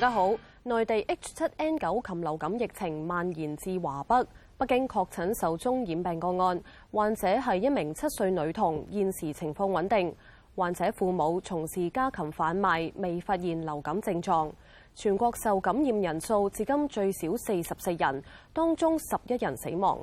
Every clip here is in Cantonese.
大家好，內地 H7N9 禽流感疫情蔓延至華北，北京確診首宗染病個案，患者係一名七歲女童，現時情況穩定。患者父母從事家禽販賣，未發現流感症狀。全國受感染人數至今最少四十四人，當中十一人死亡。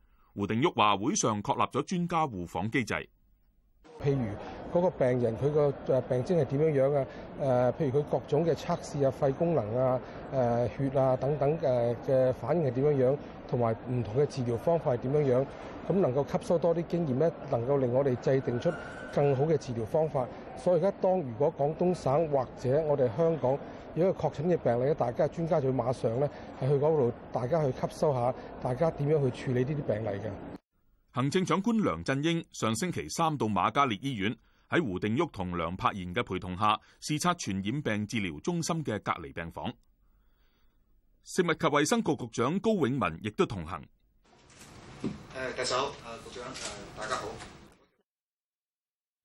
胡定旭話：會上確立咗專家互訪機制，譬如嗰個病人佢個誒病徵係點樣樣啊？誒，譬如佢各種嘅測試啊、肺功能啊、誒血啊等等誒嘅反應係點樣樣，同埋唔同嘅治療方法係點樣樣，咁能夠吸收多啲經驗咧，能夠令我哋制定出更好嘅治療方法。所以而家，當如果廣東省或者我哋香港有一個確診嘅病例咧，大家專家就會馬上咧，喺去嗰度大家去吸收下，大家點樣去處理呢啲病例嘅。行政長官梁振英上星期三到瑪嘉烈醫院，喺胡定旭同梁柏賢嘅陪同下，視察傳染病治療中心嘅隔離病房。食物及衛生局局長高永文亦都同行。誒、啊，特首，誒、啊，局長，誒、啊，大家好。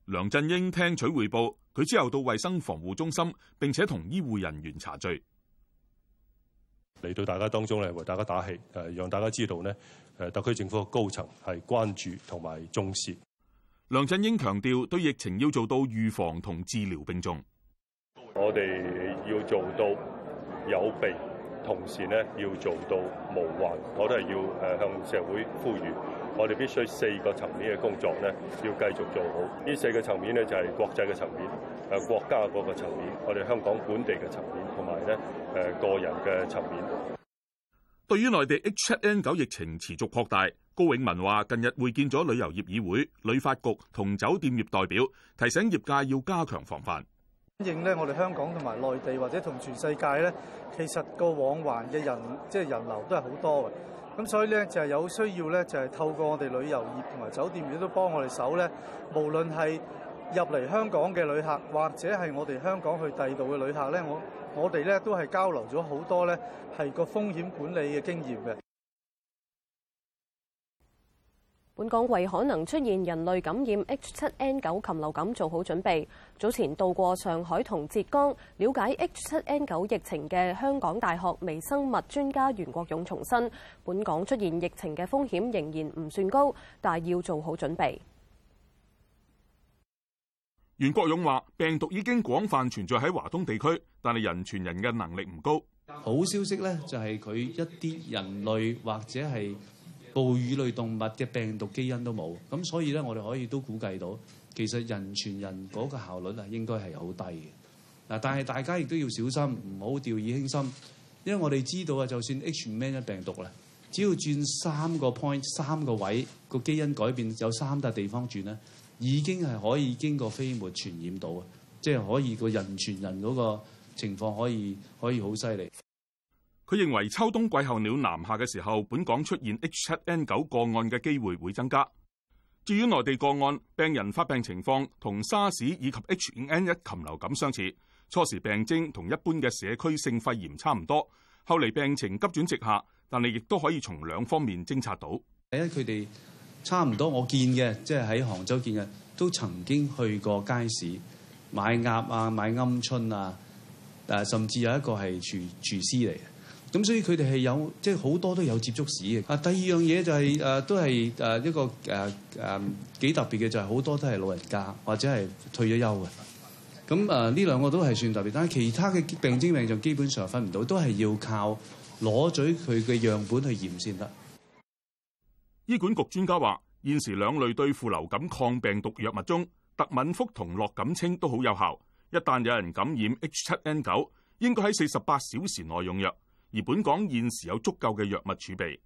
梁振英聽取匯報，佢之後到衛生防護中心，並且同醫護人員查罪。嚟到大家當中咧，為大家打氣，誒，讓大家知道咧，誒，特區政府嘅高層係關注同埋重視。梁振英強調，對疫情要做到預防同治療並重。我哋要做到有備。同時咧，要做到無患，我都係要誒向社會呼籲，我哋必須四個層面嘅工作咧，要繼續做好。呢四個層面咧，就係國際嘅層面、誒國家嗰個層面、我哋香港本地嘅層面，同埋咧誒個人嘅層面。對於內地 H7N9 疫情持續擴大，高永文話：近日會見咗旅遊業議會、旅發局同酒店業代表，提醒業界要加強防範。應咧，我哋香港同埋內地或者同全世界咧，其實個往環嘅人即係、就是、人流都係好多嘅。咁所以咧就係有需要咧，就係透過我哋旅遊業同埋酒店亦都幫我哋手咧。無論係入嚟香港嘅旅客，或者係我哋香港去第二度嘅旅客咧，我我哋咧都係交流咗好多咧，係個風險管理嘅經驗嘅。本港為可能出現人類感染 H7N9 禽流感做好準備。早前到過上海同浙江了解 H7N9 疫情嘅香港大學微生物專家袁國勇重申，本港出現疫情嘅風險仍然唔算高，但要做好準備。袁國勇話：病毒已經廣泛存在喺華東地區，但係人傳人嘅能力唔高。好消息呢，就係佢一啲人類或者係哺乳類動物嘅病毒基因都冇，咁所以咧，我哋可以都估計到，其實人傳人嗰個效率啊，應該係好低嘅。嗱，但係大家亦都要小心，唔好掉以輕心，因為我哋知道啊，就算 H1N1 病毒咧，只要轉三個 point 三個位個基因改變，有三笪地方轉咧，已經係可以經過飛沫傳染到，即係可以個人傳人嗰個情況可以可以好犀利。佢認為秋冬季候鳥南下嘅時候，本港出現 H 七 N 九個案嘅機會會增加。至於內地個案，病人發病情況同沙士以及 H 五 N 一禽流感相似，初時病徵同一般嘅社區性肺炎差唔多，後嚟病情急轉直下。但係亦都可以從兩方面偵察到。第一，佢哋差唔多，我見嘅即係喺杭州見嘅，都曾經去過街市買鴨啊、買鵪鶉啊，誒、啊啊，甚至有一個係廚廚師嚟。咁所以佢哋係有即係好多都有接觸史嘅啊。第二樣嘢就係、是、誒都係誒一個誒誒幾特別嘅，就係、是、好多都係老人家或者係退咗休嘅。咁誒呢兩個都係算特別，但係其他嘅病徵病就基本上分唔到，都係要靠攞取佢嘅樣本去驗先得。醫管局專家話現時兩類對付流感抗病毒藥物中，特敏福同樂感清都好有效。一旦有人感染 H7N9，應該喺四十八小時內用藥。而本港現時有足夠嘅藥物儲備。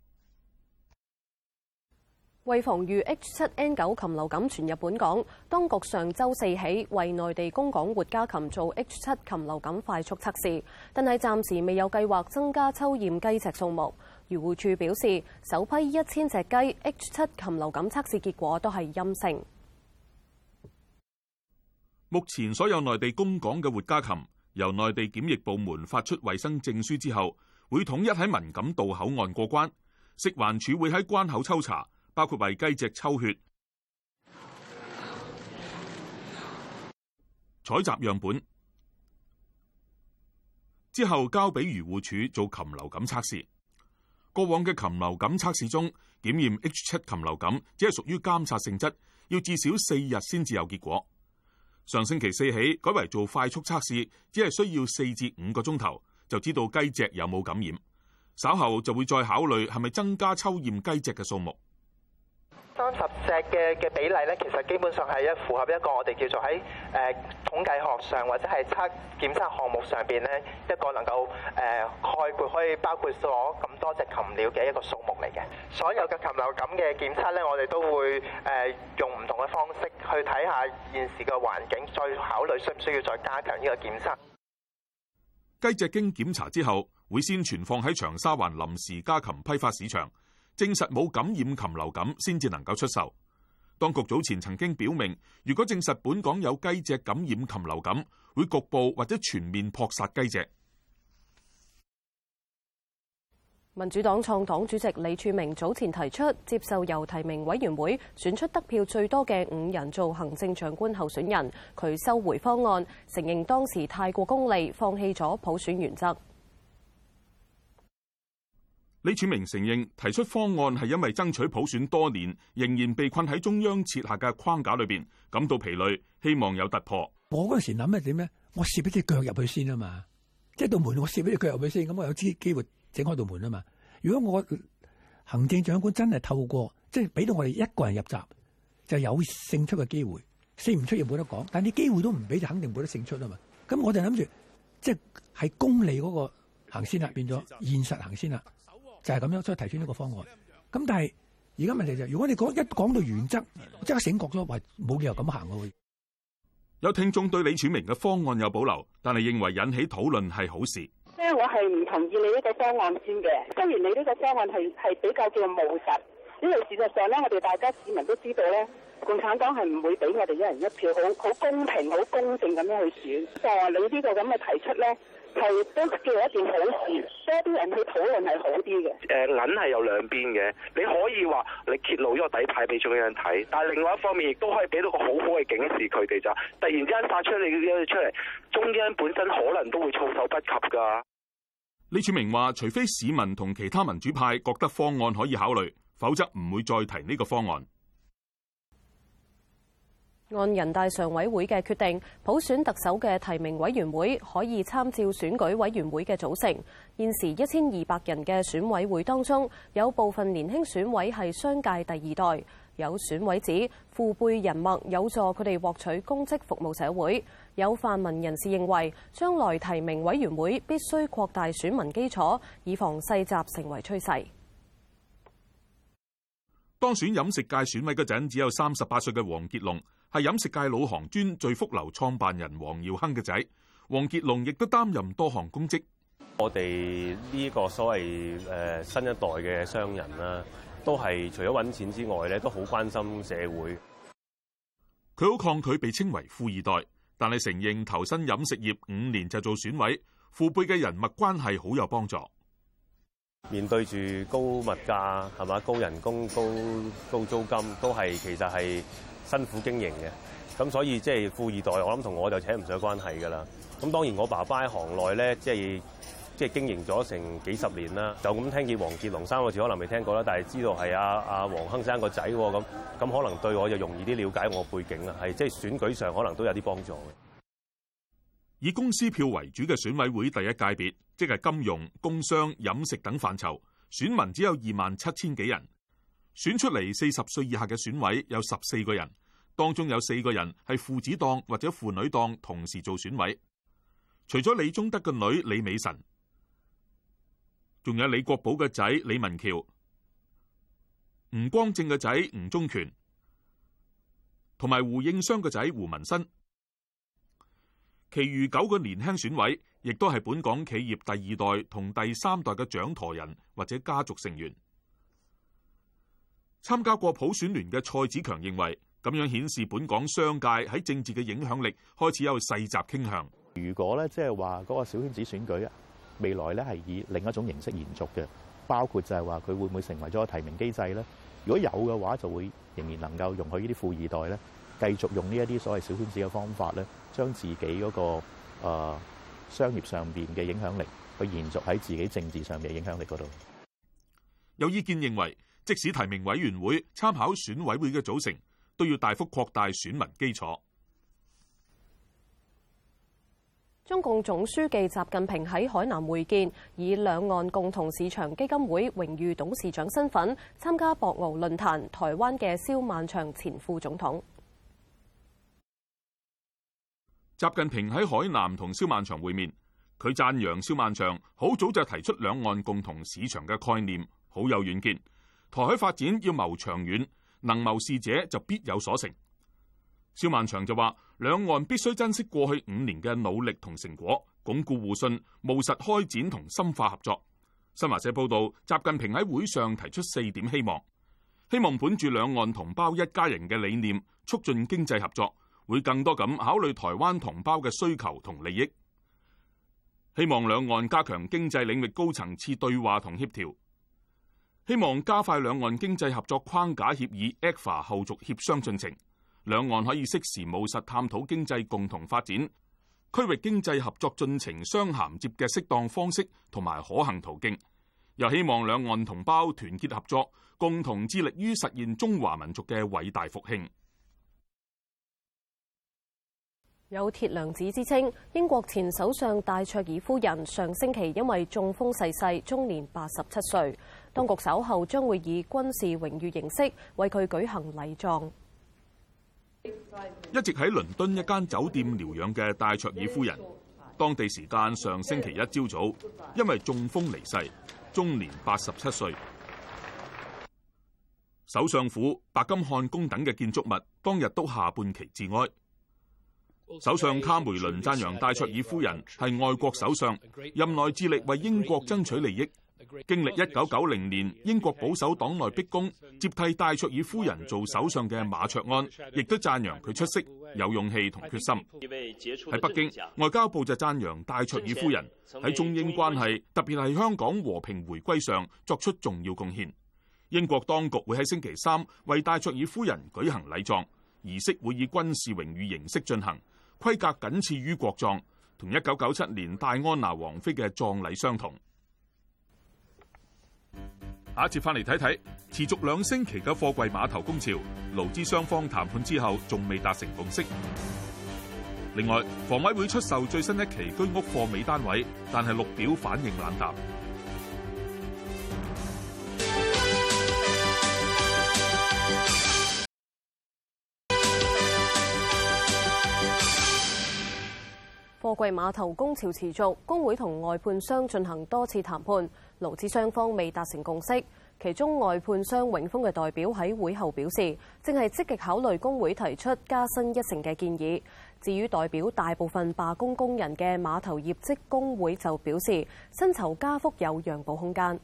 為防禦 H7N9 禽流感傳入本港，當局上周四起為內地供港活家禽做 H7 禽流感快速測試，但係暫時未有計劃增加抽驗雞隻數目。漁護署表示，首批一千隻雞 H7 禽流感測試結果都係陰性。目前所有內地供港嘅活家禽由內地檢疫部門發出衛生證書之後，會統一喺文錦渡口岸過關，食環署會喺關口抽查，包括為雞隻抽血、採集樣本之後交俾漁護署做禽流感測試。過往嘅禽流感測試中，檢驗 H7 禽流感只係屬於監察性質，要至少四日先至有結果。上星期四起改為做快速測試，只係需要四至五個鐘頭。就知道雞隻有冇感染，稍後就會再考慮係咪增加抽驗雞隻嘅數目。三十隻嘅嘅比例咧，其實基本上係一符合一個我哋叫做喺誒統計學上或者係測檢測項目上邊咧一個能夠誒概括可以包括咗咁多隻禽鳥嘅一個數目嚟嘅。所有嘅禽流感嘅檢測咧，我哋都會誒用唔同嘅方式去睇下現時嘅環境，再考慮需唔需要再加強呢個檢測。雞隻經檢查之後，會先存放喺長沙灣臨時家禽批發市場，證實冇感染禽流感先至能夠出售。當局早前曾經表明，如果證實本港有雞隻感染禽流感，會局部或者全面撲殺雞隻。民主黨創黨主席李柱銘早前提出接受由提名委員會選出得票最多嘅五人做行政長官候選人，佢收回方案，承認當時太過功利，放棄咗普選原則。李柱銘承認提出方案係因為爭取普選多年，仍然被困喺中央設下嘅框架裏邊，感到疲累，希望有突破。我嗰時諗係點呢？我攝一啲腳入去先啊嘛，即係道門我攝一啲腳入去先，咁我有機機會。整開道門啊嘛！如果我行政長官真係透過，即係俾到我哋一個人入閘，就有勝出嘅機會，勝唔出又冇得講。但係啲機會都唔俾，就肯定冇得勝出啦嘛！咁我就諗住，即係喺公理嗰個行先啦，變咗現實行先啦，就係咁樣，所以提出呢個方案。咁但係而家問題就係，如果你講一講到原則，即刻醒覺咗，話冇理由咁行嘅啊。有聽眾對李柱銘嘅方案有保留，但係認為引起討論係好事。我係唔同意你呢個方案先嘅。雖然你呢個方案係係比較叫務實，因為事實上呢，我哋大家市民都知道呢，共產黨係唔會俾我哋一人一票，好好公平、好公正咁樣去選。就話你呢個咁嘅提出呢，係都叫一件好事，多啲人去討論係好啲嘅。誒、呃、銀係有兩邊嘅，你可以話你揭露咗個底牌俾中央睇，但係另外一方面亦都可以俾到個好好嘅警示佢哋就，突然之間發出你呢樣出嚟，中央本身可能都會措手不及㗎。李柱銘話，除非市民同其他民主派覺得方案可以考慮，否則唔會再提呢個方案。按人大常委會嘅決定，普選特首嘅提名委員會可以參照選舉委員會嘅組成。現時一千二百人嘅選委會當中，有部分年輕選委係商界第二代。有選委指，父輩人脈有助佢哋獲取公職服務社會。有泛民人士認為，將來提名委員會必須擴大選民基礎，以防世襲成為趨勢。當選飲食界選委嗰陣，只有三十八歲嘅黃傑龍係飲食界老行專最福樓創辦人黃耀鏗嘅仔。黃傑龍亦都擔任多項公職。我哋呢個所謂誒新一代嘅商人啦。都係除咗揾錢之外咧，都好關心社會。佢好抗拒被稱為富二代，但係承認投身飲食業五年就做選委。父輩嘅人物關係好有幫助。面對住高物價係嘛，高人工、高高租金都係其實係辛苦經營嘅。咁所以即係富二代，我諗同我就扯唔上關係㗎啦。咁當然我爸爸喺行內咧，即係。即係經營咗成幾十年啦，就咁聽見黃傑龍三個字，可能未聽過啦。但係知道係阿阿黃亨生個仔咁咁，可能對我就容易啲了解我背景啦。係即係選舉上可能都有啲幫助嘅。以公司票為主嘅選委會第一界別，即係金融、工商、飲食等範疇，選民只有二萬七千幾人，選出嚟四十歲以下嘅選委有十四個人，當中有四個人係父子檔或者父女檔同時做選委。除咗李宗德嘅女李美辰。仲有李國寶嘅仔李文橋、吳光正嘅仔吳忠權，同埋胡應湘嘅仔胡文新，其餘九個年輕選委，亦都係本港企業第二代同第三代嘅掌舵人或者家族成員。參加過普選聯嘅蔡子強認為，咁樣顯示本港商界喺政治嘅影響力開始有世襲傾向。如果咧，即係話嗰個小圈子選舉啊，未來咧係以另一種形式延續嘅，包括就係話佢會唔會成為咗提名機制咧？如果有嘅話，就會仍然能夠容許呢啲富二代咧，繼續用呢一啲所謂小圈子嘅方法咧，將自己嗰、嗰個、呃、商業上邊嘅影響力去延續喺自己政治上面嘅影響力嗰度。有意見認為，即使提名委員會參考選委會嘅組成，都要大幅擴大選民基礎。中共總書記習近平喺海南會見，以兩岸共同市場基金會榮譽董事長身份參加博鰲論壇。台灣嘅蕭萬長前副總統，習近平喺海南同蕭萬長會面，佢讚揚蕭萬長好早就提出兩岸共同市場嘅概念，好有遠見。台海發展要謀長遠，能謀事者就必有所成。蕭萬長就話，兩岸必須珍惜過去五年嘅努力同成果，鞏固互信，務實開展同深化合作。新華社報道，習近平喺會上提出四點希望：希望本住兩岸同胞一家人嘅理念，促進經濟合作，會更多咁考慮台灣同胞嘅需求同利益；希望兩岸加強經濟領域高層次對話同協調；希望加快兩岸經濟合作框架協議 （ECFA） 後續協商進程。兩岸可以適時務實探討經濟共同發展、區域經濟合作進程相銜接嘅適當方式同埋可行途徑，又希望兩岸同胞團結合作，共同致力於實現中華民族嘅偉大復興。有鐵娘子之稱，英國前首相戴卓爾夫人上星期因為中風逝世，終年八十七歲。當局稍後將會以軍事榮譽形式為佢舉行禮葬。一直喺倫敦一間酒店療養嘅戴卓爾夫人，當地時間上星期一朝早，因為中風離世，終年八十七歲。首相府、白金漢宮等嘅建築物當日都下半旗致哀。首相卡梅倫讚揚戴卓爾夫人係外國首相，任內致力為英國爭取利益。經歷一九九零年英國保守黨內逼宮，接替戴卓爾夫人做首相嘅馬卓安，亦都讚揚佢出色，有勇氣同決心。喺北京，外交部就讚揚戴卓爾夫人喺中英關係，特別係香港和平回歸上作出重要貢獻。英國當局會喺星期三為戴卓爾夫人舉行禮葬，儀式會以軍事榮譽形式進行，規格僅次於國葬，同一九九七年戴安娜王妃嘅葬禮相同。下一節翻嚟睇睇，持續兩星期嘅貨櫃碼頭工潮，勞資雙方談判之後仲未達成共識。另外，房委會出售最新一期居屋貨尾單位，但係綠表反應冷淡。貨櫃碼頭工潮持續，工會同外判商進行多次談判，勞資雙方未達成共識。其中外判商永豐嘅代表喺會後表示，正係積極考慮工會提出加薪一成嘅建議。至於代表大部分罷工工人嘅碼頭業職工會就表示，薪酬加幅有讓步空間。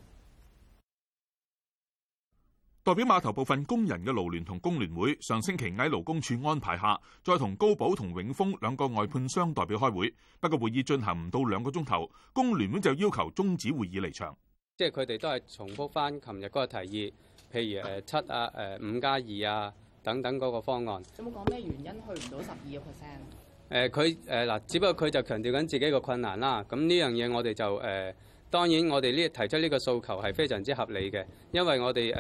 代表碼頭部分工人嘅勞聯同工聯會上星期喺勞工處安排下，再同高寶同永豐兩個外判商代表開會。不過會議進行唔到兩個鐘頭，工聯會就要求終止會議離場。即係佢哋都係重複翻琴日嗰個提議，譬如誒七啊誒五加二啊等等嗰個方案。有冇講咩原因去唔到十二個 percent？誒，佢誒嗱，只不過佢就強調緊自己個困難啦。咁呢樣嘢我哋就誒。呃當然，我哋呢提出呢個訴求係非常之合理嘅，因為我哋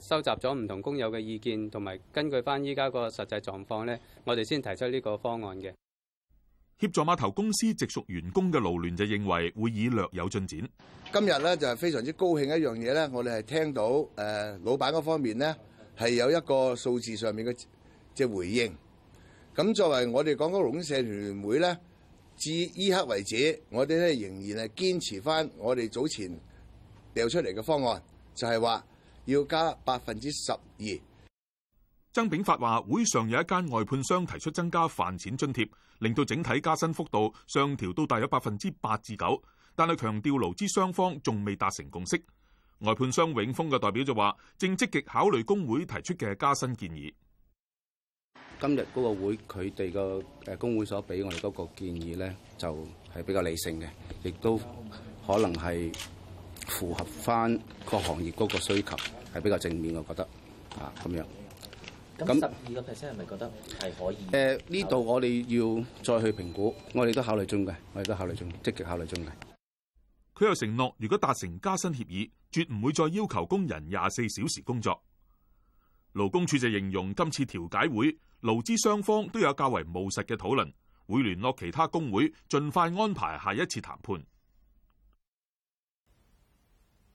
誒收集咗唔同工友嘅意見，同埋根據翻依家個實際狀況咧，我哋先提出呢個方案嘅。協助碼頭公司直屬員工嘅勞聯就認為會以略有進展。今日咧就係非常之高興一樣嘢咧，我哋係聽到誒老闆嗰方面咧係有一個數字上面嘅即係回應。咁作為我哋講緊勞工社團聯會咧。至依刻為止，我哋咧仍然係堅持翻我哋早前調出嚟嘅方案，就係、是、話要加百分之十二。曾炳發話：會上有一間外判商提出增加飯錢津貼，令到整體加薪幅度上調都大約百分之八至九。但係強調勞資雙方仲未達成共識。外判商永豐嘅代表就話，正積極考慮工會提出嘅加薪建議。今日嗰個會，佢哋個誒工會所俾我哋嗰個建議咧，就係比較理性嘅，亦都可能係符合翻各行業嗰個需求，係比較正面。我覺得啊咁樣咁十二個 percent 係咪覺得係可以？誒呢度我哋要再去評估，我哋都考慮中嘅，我哋都考慮中，積極考慮中嘅。佢又承諾，如果達成加薪協議，絕唔會再要求工人廿四小時工作。勞工處就形容今次調解會。勞資雙方都有較為務實嘅討論，會聯絡其他工會，盡快安排下一次談判。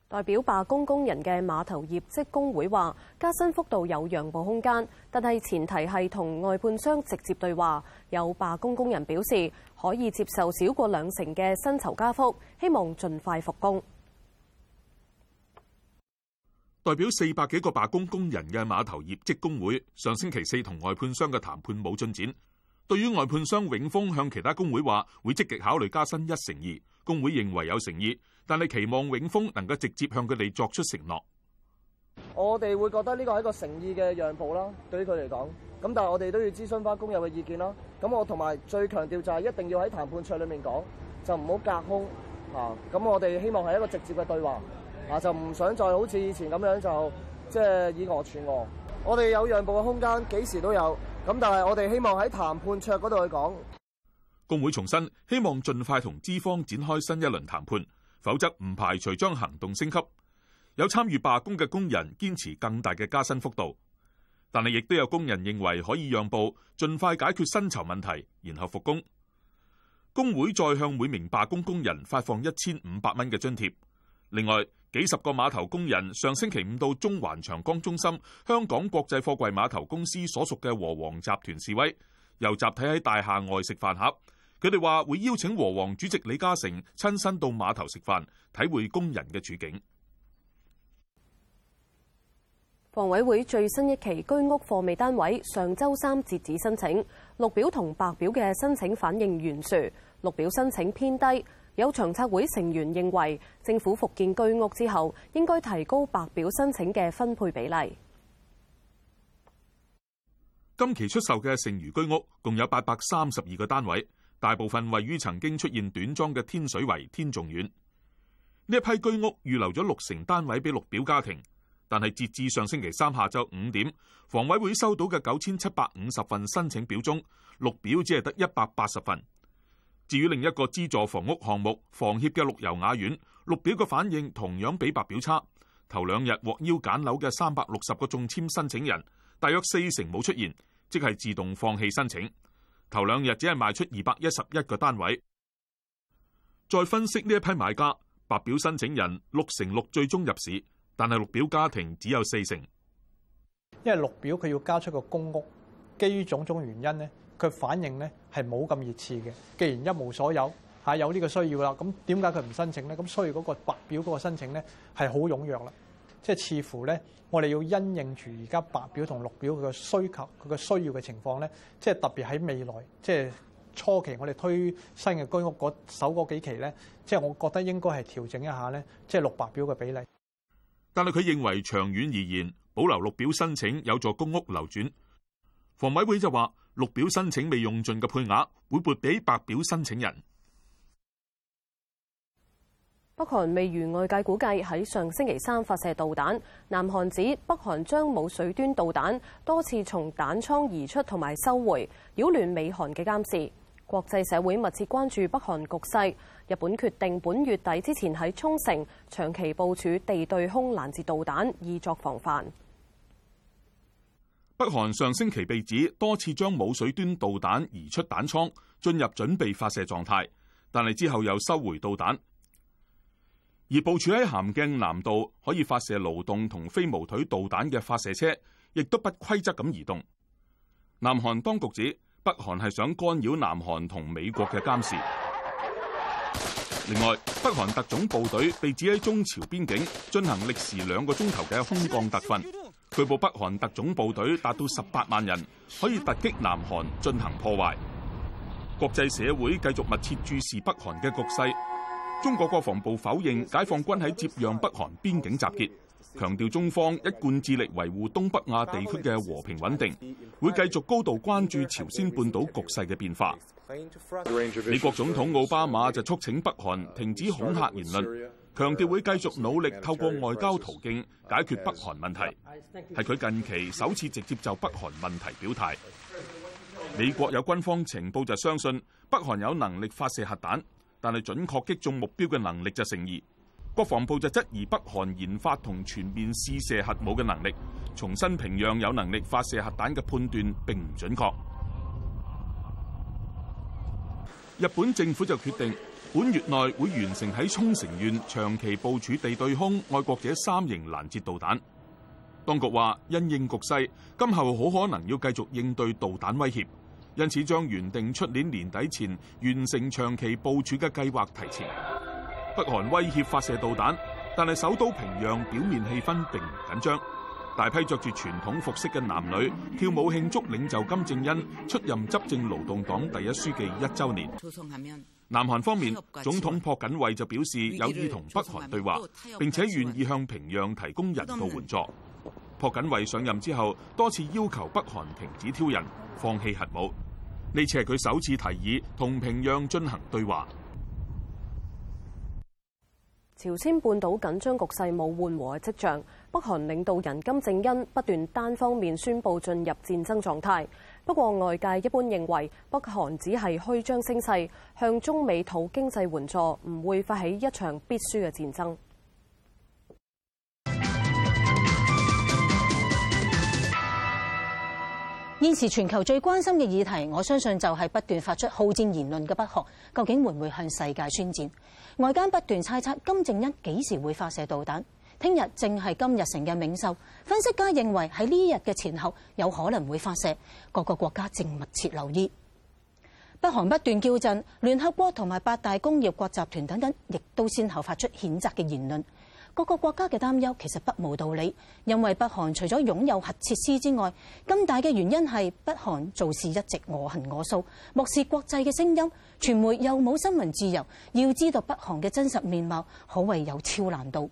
代表罷工工人嘅碼頭業職工會話加薪幅度有讓步空間，但係前提係同外判商直接對話。有罷工工人表示可以接受少過兩成嘅薪酬加幅，希望盡快復工。代表四百幾個罷工工人嘅碼頭業職工會上星期四同外判商嘅談判冇進展。對於外判商永豐向其他工會話會積極考慮加薪一成二，工會認為有誠意，但係期望永豐能夠直接向佢哋作出承諾。我哋會覺得呢個係一個誠意嘅讓步啦，對於佢嚟講。咁但係我哋都要諮詢翻工友嘅意見啦。咁我同埋最強調就係一定要喺談判桌裏面講，就唔好隔空啊。咁我哋希望係一個直接嘅對話。就唔想再好似以前咁樣就，就即係以惡轉惡。我哋有讓步嘅空間，幾時都有。咁但係我哋希望喺談判桌嗰度去講。工會重申希望盡快同資方展開新一輪談判，否則唔排除將行動升級。有參與罷工嘅工人堅持更大嘅加薪幅度，但係亦都有工人認為可以讓步，盡快解決薪酬問題，然後復工。工會再向每名罷工工人發放一千五百蚊嘅津貼。另外，幾十個碼頭工人上星期五到中環長江中心香港國際貨櫃碼頭公司所屬嘅和黃集團示威，又集體喺大廈外食飯盒。佢哋話會邀請和黃主席李嘉誠親身到碼頭食飯，體會工人嘅處境。房委會最新一期居屋貨尾單位上周三截止申請，綠表同白表嘅申請反應懸殊，綠表申請偏低。有長策會成員認為，政府復建居屋之後，應該提高白表申請嘅分配比例。今期出售嘅剩餘居屋共有八百三十二個單位，大部分位於曾經出現短樁嘅天水圍天頌苑。呢一批居屋預留咗六成單位俾綠表家庭，但係截至上星期三下晝五點，房委會收到嘅九千七百五十份申請表中，綠表只係得一百八十份。至於另一個資助房屋項目，房協嘅綠油雅苑，綠表嘅反應同樣比白表差。頭兩日獲邀揀樓嘅三百六十個中籤申請人，大約四成冇出現，即係自動放棄申請。頭兩日只係賣出二百一十一個單位。再分析呢一批買家，白表申請人六成六最終入市，但係綠表家庭只有四成。因為綠表佢要交出個公屋，基於種種原因呢。佢反應咧係冇咁熱切嘅。既然一無所有嚇、啊，有呢個需要啦，咁點解佢唔申請咧？咁所以嗰個白表嗰個申請咧係好踴躍啦。即係似乎咧，我哋要因應住而家白表同綠表佢嘅需求、佢嘅需要嘅情況咧，即係特別喺未來即係初期，我哋推新嘅居屋嗰首嗰幾期咧，即係我覺得應該係調整一下咧，即係綠白表嘅比例。但係佢認為長遠而言，保留綠表申請有助公屋流轉。房委會就話。綠表申請未用盡嘅配額會撥俾白表申請人。北韓未如外界估計喺上星期三發射導彈，南韓指北韓將舞水端導彈多次從彈倉移出同埋收回，擾亂美韓嘅監視。國際社會密切關注北韓局勢。日本決定本月底之前喺沖繩長期部署地對空攔截導彈，以作防範。北韓上星期被指多次將舞水端導彈移出彈倉，進入準備發射狀態，但係之後又收回導彈。而部署喺咸鏡南道可以發射勞動同飛毛腿導彈嘅發射車，亦都不規則咁移動。南韓當局指北韓係想干擾南韓同美國嘅監視。另外，北韓特種部隊被指喺中朝邊境進行歷時兩個鐘頭嘅空降特訓。據報北韓特種部隊達到十八萬人，可以突擊南韓進行破壞。國際社會繼續密切注視北韓嘅局勢。中國國防部否認解放軍喺接壤北韓邊境集結，強調中方一貫致力維護東北亞地區嘅和平穩定，會繼續高度關注朝鮮半島局勢嘅變化。美國總統奧巴馬就促請北韓停止恐嚇言論。強調會繼續努力透過外交途徑解決北韓問題，係佢近期首次直接就北韓問題表態。美國有軍方情報就相信北韓有能力發射核彈，但係準確擊中目標嘅能力就成疑。國防部就質疑北韓研發同全面試射核武嘅能力，重新評量有能力發射核彈嘅判斷並唔準確。日本政府就決定，本月內會完成喺沖繩縣長期部署地對空愛國者三型攔截導彈。當局話，因應局勢，今後好可能要繼續應對導彈威脅，因此將原定出年年底前完成長期部署嘅計劃提前。北韓威脅發射導彈，但係首都平壤表面氣氛並唔緊張。大批着住傳統服飾嘅男女跳舞慶祝領袖金正恩出任執政勞動黨第一書記一周年。南韓方面，總統朴槿惠就表示有意同北韓對話，並且願意向平壤提供人道援助。朴槿惠上任之後多次要求北韓停止挑釁、放棄核武，呢次係佢首次提議同平壤進行對話。朝鮮半島緊張局勢冇緩和嘅跡象。北韓領導人金正恩不斷單方面宣布進入戰爭狀態，不過外界一般認為北韓只係虛張聲勢，向中美討經濟援助，唔會發起一場必輸嘅戰爭。現時全球最關心嘅議題，我相信就係不斷發出好戰言論嘅北韓，究竟會唔會向世界宣戰？外間不斷猜測金正恩幾時會發射導彈。聽日正係金日成嘅冥壽。分析家認為喺呢日嘅前後有可能會發射，各個國家正密切留意。北韓不斷叫陣，聯合國同埋八大工業國集團等等，亦都先後發出譴責嘅言論。各個國家嘅擔憂其實不無道理，因為北韓除咗擁有核設施之外，更大嘅原因係北韓做事一直我行我素，漠視國際嘅聲音，傳媒又冇新聞自由。要知道北韓嘅真實面貌，可謂有超難度。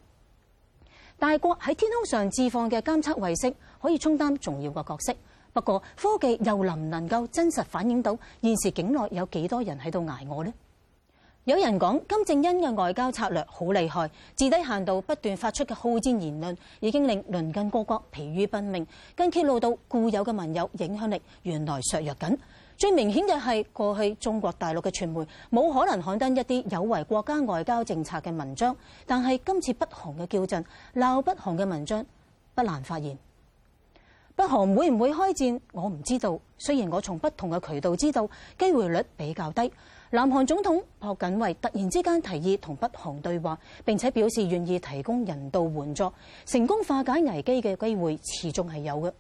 大國喺天空上置放嘅監測衛星可以充當重要嘅角色，不過科技又能唔能夠真實反映到現時境內有幾多人喺度捱餓呢？有人講金正恩嘅外交策略好厲害，至低限度不斷發出嘅好戰言論，已經令鄰近各國疲於奔命，更揭露到固有嘅盟友影響力原來削弱緊。最明顯嘅係過去中國大陸嘅傳媒冇可能刊登一啲有違國家外交政策嘅文章，但係今次北韓嘅叫陣鬧北韓嘅文章不難發現。北韓會唔會開戰，我唔知道。雖然我從不同嘅渠道知道機會率比較低。南韓總統朴槿惠突然之間提議同北韓對話，並且表示願意提供人道援助，成功化解危機嘅機會始終係有嘅。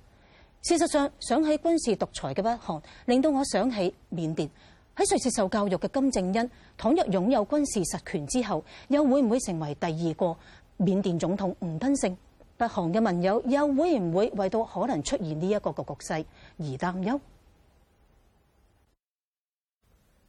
事實上，想起軍事獨裁嘅北韓，令到我想起緬甸喺瑞士受教育嘅金正恩，倘若擁有軍事實權之後，又會唔會成為第二個緬甸總統吳登盛？北韓嘅盟友又會唔會為到可能出現呢一個嘅局勢而擔憂？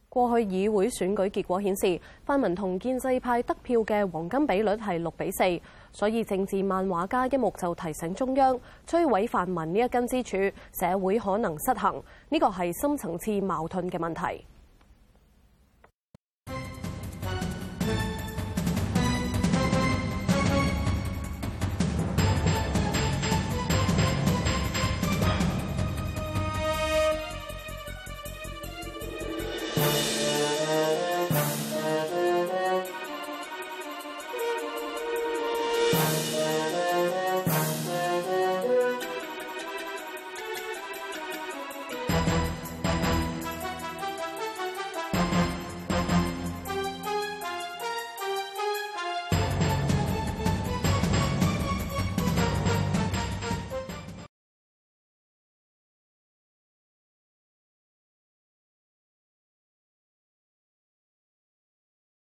過去議會選舉結果顯示，泛民同建制派得票嘅黃金比率係六比四，所以政治漫畫家一目就提醒中央摧毀泛民呢一根支柱，社會可能失衡，呢、這個係深層次矛盾嘅問題。